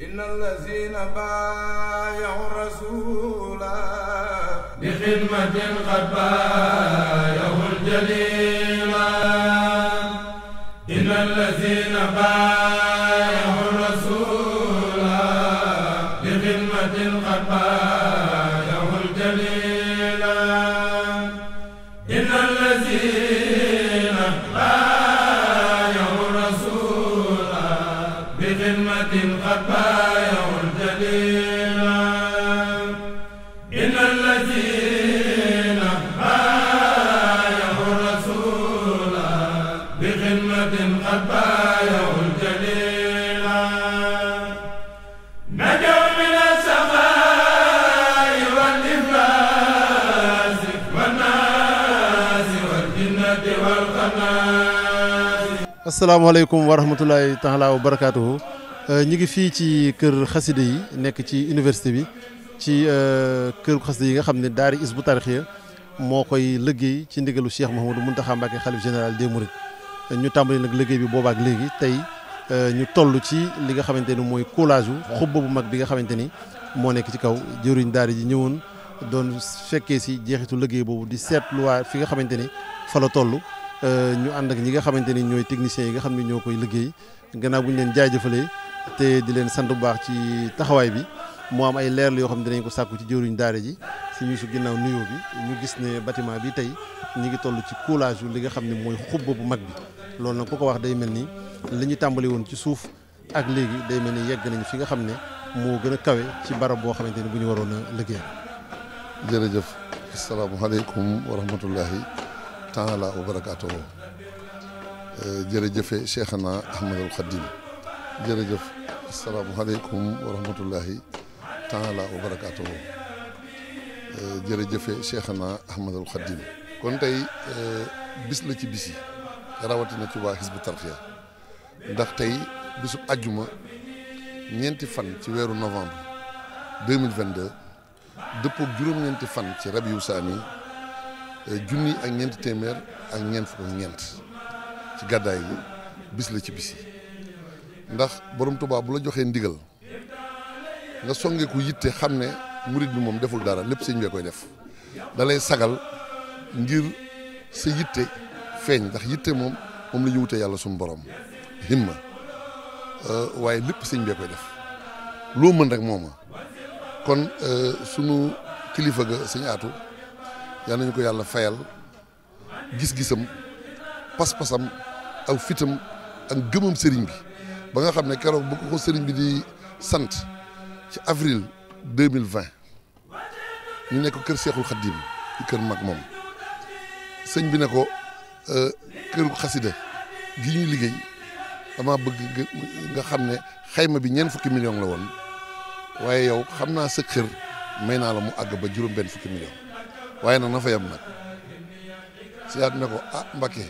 إن الذين بايعوا الرسول لخدمة قد بايعوا الجليل إن الذين بايعوا asalaamaaleykum wa rahmatulahi taala wa barakaatuhu euh, ñu ngi fii ci kër xasida yi nekk ci université bi ci euh, kër xasida yi nga xam ne daari Hizbut Tarqiyyah moo koy liggéey ci ndigalu Cheikh Mouhamadou Mountakha Mbacké xalif général des Mourides ñu tàmbali nag liggéey bi boobaak léegi tey euh, ñu toll ci li nga xamante ni mooy collage xubba bu mag bi nga xamante ni moo nekk ci kaw jëriñ daari ji ñëwoon doon fekkee si jeexitu liggéey boobu di seetluwaat fi nga xamante ni fa la toll Euh, ñu ànd ak ñi nga xamante ni ñooy techniciens yi nga xam ne ñoo koy liggéey gannaaw bu ñu leen jëfalee te di leen sant bu baax ci taxawaay bi moo am ay leeral yoo xam ne dinañ ko sàkku ci jëwriñ daara ji si ginnaaw nuyoo bi ñu gis ne bâtiment bi tey ñu ngi toll ci coulage yu li nga xam ne mooy xubba bu mag bi loolu nag ku ko wax day mel ni li tàmbali woon ci suuf ak léegi day mel ni yegg nañ fi nga xam ne moo gën a kawe ci barab boo xamante ni bu ñu waroon a liggéey jërëjëf asalaamaaleykum wa rahmatullahi تعالى وبركاته جرجف شيخنا أحمد الخديم جرجف السلام عليكم ورحمة الله تعالى وبركاته جرجف شيخنا أحمد الخديم كنت أي بس لك بسي راوتنا تبا حزب الترخية دخت أي بس أجمع نينتي فن تويرو نوفمبر 2022 depuis le 1er janvier, junni ak ñeenti téeméer ak ñeent fukk ak ñeent ci gàddaay gi bis la ci bis yi ndax borom tubaab bu la joxee ndigal nga songeeku ku yitte xam ne murit bi moom deful dara lépp sëñ bee koy def dalay sagal ngir sa yitte feeñ ndax yitte moom moom la ñu wutee yàlla suñu borom himma euh, waaye lépp sëñ bee koy def loo mën rek mooma kon euh, sunu kilifa ga sëñ aatu yal nañ ko yàlla fayal gis-gisam pas-pasam aw fitam ak gëmam sëriñ bi ba nga xam ne keroog bu ko sëriñ bi di sant ci avril deux mille vingt ñu nekk kër Seexul Xaddim ci kër mag moom sëñ bi ne ko euh, këru xasida gi ñuy liggéey dama bëgg nga xam ne xayma bi ñeen fukki million la woon waaye yow xam naa sa xër may naa la mu àgg ba juróom benn fukki million waaye nag na fa yem nag siyaat ne ko ah Mbakke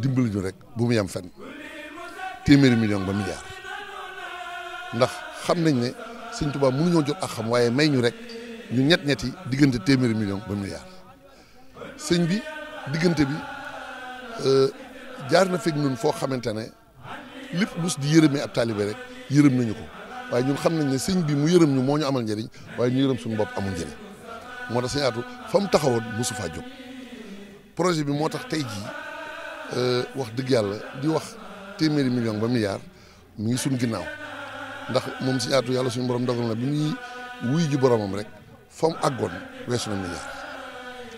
dimbali ñu rek bu mu yem fenn téeméeri million ba milliard ndax xam nañ ne Sëñ Tuubaa mënuñoo jot ak xam waaye may ñu rek ñu ñett ñett diggante téeméeri million ba milliard sëñ bi diggante bi euh, jaar na fekk ñun foo xamante ne lépp mus di yërëmee ab taalibe rek yërëm nañu ko waaye ñun xam nañ ne sëñ bi mu yërëm ñu moo ñu amal njëriñ waaye ñu yërëm suñu bopp amu njëriñ moo tax sañaatu fa mu taxawoon mosu faa jóg projet bi moo tax tey jii euh, wax dëgg yàlla di wax téeméeri million ba milliard mu ngi suñ ginnaaw ndax moom sañaatu yàlla suñ borom dogal na bi muy wuy ji boromam rek fa mu àggoon weesu na milliard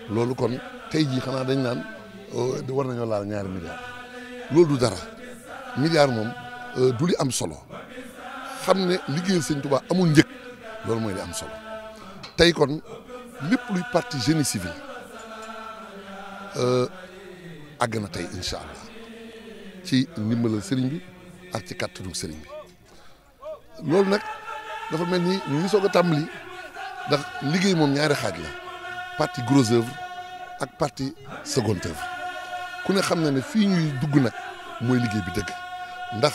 loolu kon tey jii xanaa dañ naan euh, war nañoo laal ñaari milliard loolu du dara milliard moom euh, du li am solo xam ne liggéeyu sëñ Tuubaa amul njëkk loolu mooy li am solo tey kon lépp luy parti génie civil euh, àgg na tey incha allah ci ndimbalal sëriñ bi ak ci kàttanu sëriñ bi loolu nag dafa mel ni ñu ngi soog a tàmbali ndax liggéey moom ñaari xaaj la partie gros œuvre ak partie seconde œuvre ku ne xam na ne fii ñuy dugg nag mooy liggéey bi dëgg ndax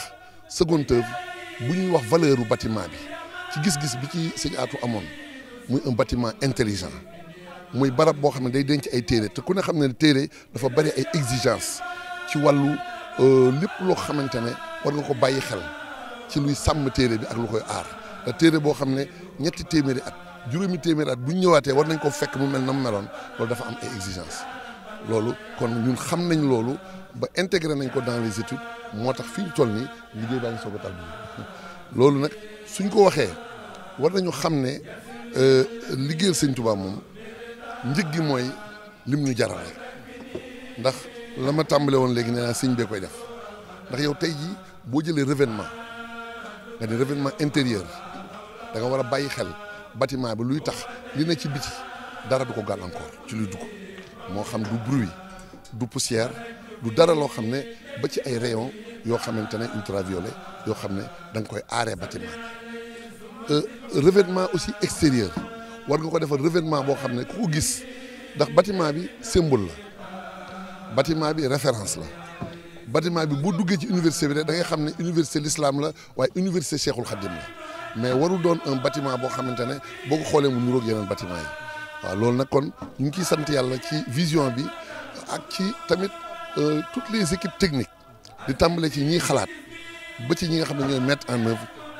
seconde œuvre bu ñuy wax valeur u bâtiment bi ci gis-gis bi ci sëñ Atou amoon muy un bâtiment intelligent muy barab bo xamné day denc ay téere te ku ne xam ne dafa bari ay exigence ci walu euh lepp lo ne war nga ko bayyi xel ci luy sam téere bi ak lu koy aar te téere bo xamné ne ñetti téeméeri at juróomi téeméeri at bu ñu ñëwaatee war nañ ko fekk mu mel na mu lolu dafa am ay exigence lolu kon ñun xam nañ loolu ba intégrer nañ ko dans les études motax fi fii toll ni liggéey baa ngi soog lolu nak suñ ko waxé war nañu xamné Euh, liggéeyal sëñ Tuubaa moom njëg gi mooy lim ñu jarale ndax lama ma tàmbale woon léegi nee naa sëñ bee koy def ndax yow tey jii boo jëlee revêtement nga ne revêtement intérieur danga nga war a bàyyi xel bâtiment bi luy tax li ne ci biti dara du ko gàllankoor ci luy dugg moo xam du bruit du poussière du dara loo xam ne ba ci ay rayon yoo xamante ne ultraviolet yoo xam ne da koy aaree bâtiment bi Euh, revêtement aussi extérieur war nga ko defal revêtement bo xamné gis ndax bâtiment bi symbole la bâtiment bi référence la bâtiment bi bu duggé ci université bi da ngay xamné université l'islam la université Khadim la mais waru un bâtiment bâtiment kon ñu ngi sant ci vision bi ak ci tamit euh, toutes les équipes techniques di tambalé ci ñi xalaat ba ci ñi mettre en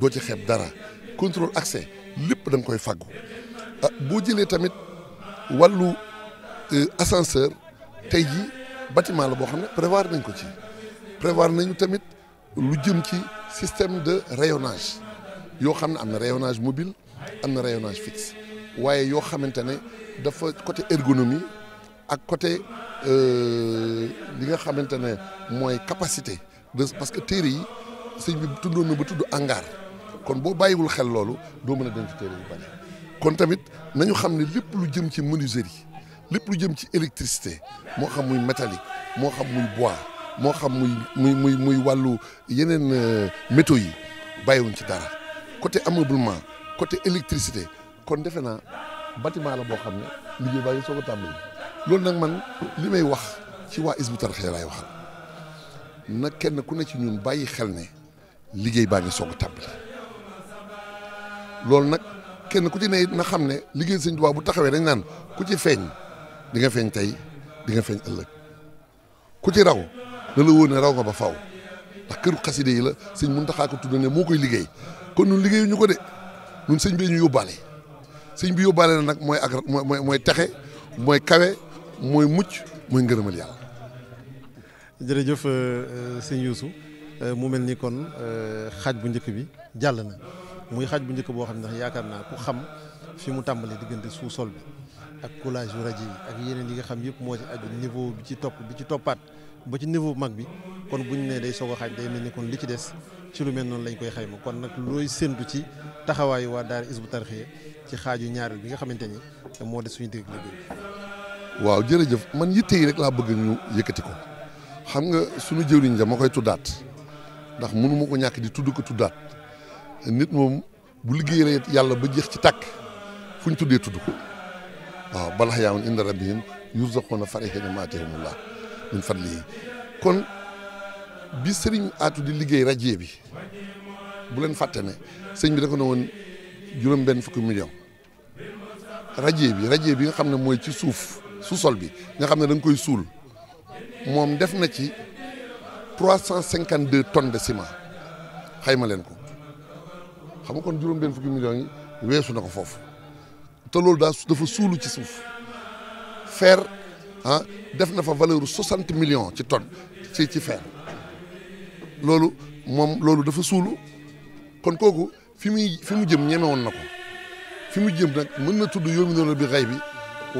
doo ci xeeb dara contrôle accès lépp da nga koy faggu ah boo jëlee tamit wàllu euh, ascenseur tey jii bâtiment la boo xam ne prévoir nañ ko ci prévoir nañu tamit lu jëm ci système de rayonnage yoo xam ne am na rayonnage mobile am na rayonnage fixe waaye yoo xamante ne dafa côté ergonomie ak côté euh, li nga xamante ne mooy capacité de parce que téere yi sëñ bi tuddoon na ba tudd hangar kon boo bàyyiwul xel loolu doo mën a denc téere yu bari kon tamit nañu xam ne lépp lu jëm ci menuiserie lépp lu jëm ci électricité moo xam muy métallique moo xam muy bois moo xam muy muy muy muy wàllu yeneen euh, métaux yi bàyyiwuñ ci dara côté ameublement côté électricité kon defe naa bâtiment la boo xam ne liggéey baa ngi soog loolu nag man li may wax ci waa Hizbut Tarqiyyah wax waxal na kenn ku ne ci ñun bàyyi xel ne liggéey baa ngi soog a tàmbali loolu nag kenn ku ci ne it na xam ne liggéey sëñ Tuubaa bu taxawee dañ naan ku ci feeñ di nga feeñ tey di nga feeñ ëllëg ku ci raw da la wóor ne raw nga ba faw ndax këru xaside yi la sëñ Muntaxa ko tudd ne moo koy liggéey kon ñun liggéeyu ñu ko de ñun sëñ bi ñu yóbbaale sëñ bi yóbbaale na nag mooy ak mooy mooy texe mooy kawe mooy mucc mooy ngërëmal yàlla. jërëjëf euh, euh, sëñ Youssou euh, mu mel ni kon xaaj bu njëkk bi jàll na. muy xaaj bu njëkk boo xam ne ndax yaakaar naa ku xam fi mu tàmbalee diggante sous-sol bi ak coulage yu rajo yi ak yeneen yi nga xam yëpp moo ci aju niveau bi ci topp bi ci toppaat ba ci niveau mag bi kon bu ñu nee day soog a xaaj day mel ni kon li ci des ci lu mel noonu lañ koy xayma kon nag looy séntu ci taxawaayu waa daara Hizbut Tarqiyyah ci xaaju ñaareel bi nga xamante ni moo des suñu digg liggéey. waaw jërëjëf man yitte yi rek laa bëgg ñu yëkkati ko xam nga suñu jëwriñ ja ma koy tuddaat ndax mënu ko ñàkk di tudd ko tuddaat. nit moom bu liggéeyee yàlla ba jeex ci tàkk fu ñu tuddee tudd ko waaw bal ahyaaun inda rabbihim yurzaquuna farihiina bimaa aataahumullaah min fadlihi kon bi sëriñ aatu di liggéey rajo bi bu leen fàtte ne sëñ bi da ko ne woon juróom benn fukki million rajo bi rajo bi nga xam ne mooy ci suuf sous-sol bi nga xam ne da koy suul moom def na ci trois cent cinquante deux tonnes de ciment xayma leen ko xam kon juróom-benn fukki millions na ko foofu te loolu daa dafa suulu ci suuf fer ah def na fa valeur soixante millions ci tonne ci ci fer loolu moom loolu dafa suulu kon kooku fi muy fi mu jëm ñeme woon na fi mu jëm nag mën na tudd yóomi noonu bi xay bi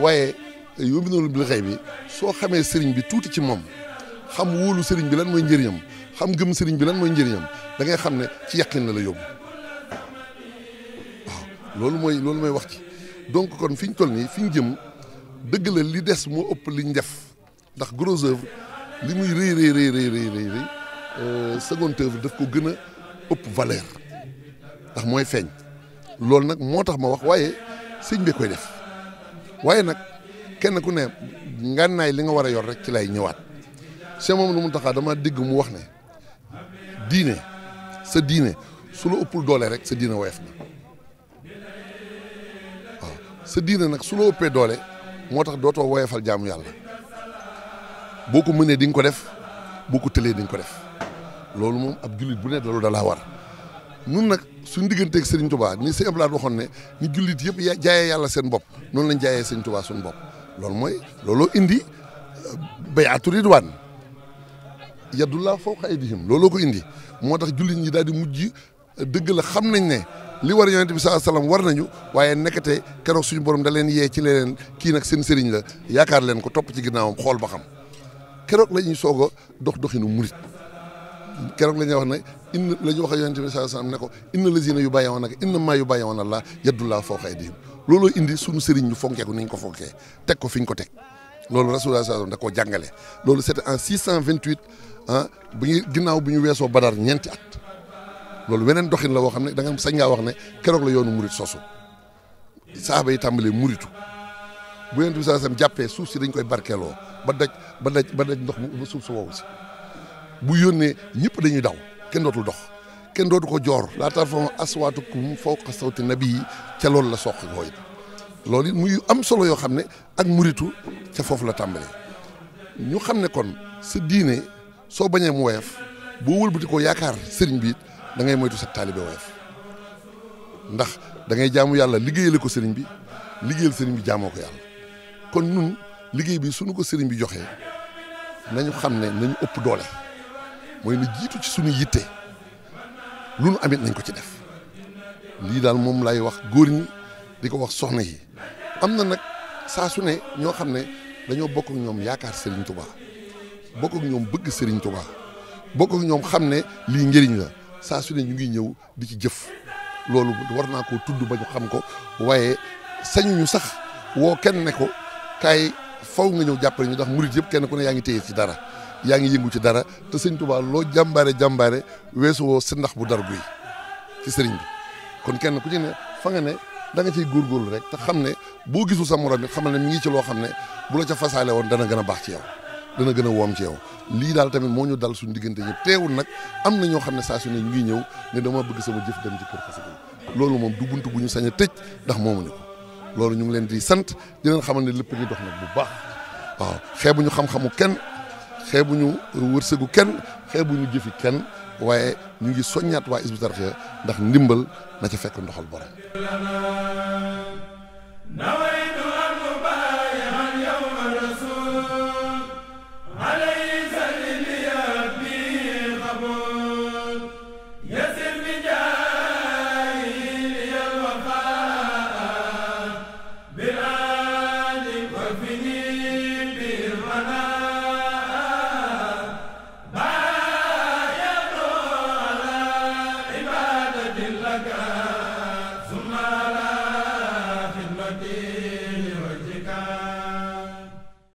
waaye yóomi noonu bi xay bi soo xamee sëriñ bi tuuti ci moom xam wóolu sëriñ bi lan mooy njëriñam xam gëm sëriñ bi lan mooy njëriñam da ngay xam ne ci yàqin la la yóbbu loolu mooy loolu mooy wax ci donc kon fi ñu toll nii fi ñu jëm dëgg la li des moo ëpp li liñ def ndax gros œuvre li muy rëy rëy rëy rëy rëy rëy euh, second œuvre daf ko gën a ëpp valeur ndax mooy feeñ loolu nag moo tax ma wax waaye sëñ bi koy def waaye nag kenn ku ne ngànnaay li nga war a yor rek ci lay ñëwaat si moom lu mu taxaa dama dégg mu wax ne diine sa diine su la ëppul doole rek sa diine woyof na sa diine nag su la ëppee doole moo tax dootoo woyefal jaamu yàlla boo ko mënee di ko def boo ko tëlee di ko def loolu moom ab jullit bu ne loolu dalaa war nun nag suñ digganteeg Serigne Touba ni Serigne Abdoulaye waxoon ne ni jullit yëpp ya jaayee yàlla seen bopp noonu lañ jaayee Serigne Touba suñu bopp loolu mooy looloo indi euh, bayaatu ridwaan yadullah fawqa aydihim looloo ko indi moo tax jullit ñi daal di mujj dëgg la xam nañ ne li war yonent bi saa salaam war nañu waaye nekkate keroog suñu borom da leen yee ci leneen kii nag seen sëriñ la yaakaar leen ko topp ci ginnaawam xool ba xam keroog la ñuy soog a dox doxinu murit keroog la ñuy wax na inn la ñu wax ak yonent bi saa salaam ne ko inna lazina yu bàyyiwoon ak inna maa yu bàyyiwoon allah yaddulaa fawqa aydihim looloo indi suñu sëriñ ñu fonkee ko ni ñu ko fonkee teg ko fi ñu ko teg loolu rasulullah saa da koo jàngale loolu c'était en 628 ah bi ñu ginnaaw bi ñu weesoo badar ñeenti at loolu weneen doxin la woo xam ne danga nga sañ ngaa wax ne keroog la yoonu murit sosu saaba yi tàmbalee muritu bu yonent bi sallallahu jàppee suuf si dañ koy barkeeloo ba daj ba daj ba daj ndox mu suuf su woowu si bu yónnee ñëpp dañuy daw kenn dootul dox kenn dootu ko joor laa tarfa'u aswaatakum fawqa sawti nabii ca loolu la soq koo loolu it muy am solo yoo xam ne ak muritu ca foofu la tàmbalee ñu xam ne kon si diine soo bañee mu woyof boo wëlbati yaakaar sëriñ bi dangay ngay moytu sa taalibe woyof ndax da jaamu yàlla liggéeyale ko sëriñ bi liggéeyal sëriñ bi jaamoo ko yàlla kon nun liggéey bi suñu ko sëriñ bi joxee nañu xam ne nañu ëpp doole mooy na jiitu ci suñu yitte lu nu amit nañ ko ci def lii daal moom lay wax góor ñi di ko wax soxna yi am na nag saa su ne ñoo xam ne dañoo bokk ñoom yaakaar sëriñ Touba bokk ak ñoom bëgg sëriñ Touba bokk ñoom xam ne lii njëriñ la saa su ne ñu ngi ñëw di ci jëf loolu war naa koo tudd ba ñu xam ko waaye sañuñu sax woo kenn ne ko kaay faw nga ñëw jàppale ñu ndax murit yëpp kenn ku ne yaa ngi téye ci dara yaa ngi yëngu ci dara te sëñ Tuubaa loo jàmbaare jàmbaare weesu woo si ndax bu dara guy ci sëriñ bi kon kenn ku ci ne fa nga ne da nga ciy góorgóorlu rek te xam ne boo gisul sa morom bi xamal ne mi ngi ci loo xam ne bu la ca fasaale woon dana gën a baax ci yow dana gën a woom ci yow lii daal tamit moo ñu dal suñu diggante ñëpp teewul nag am na ñoo xam ne saa su ni ñu ngi ñëw ne dama bëgg sama jëf dem ci kër xasida yi loolu moom du bunt bu ñu sañ a tëj ndax moomu ne ko loolu ñu ngi leen di sant di leen xamal ne lépp ñu dox nag bu baax waaw xeebuñu xam-xamu kenn xeebuñu wërsëgu kenn ñu jëfi kenn waaye ñu ngi soññaat waa Hizbut Tarqiyyah ndax ndimbal na ca fekk ndoxal borom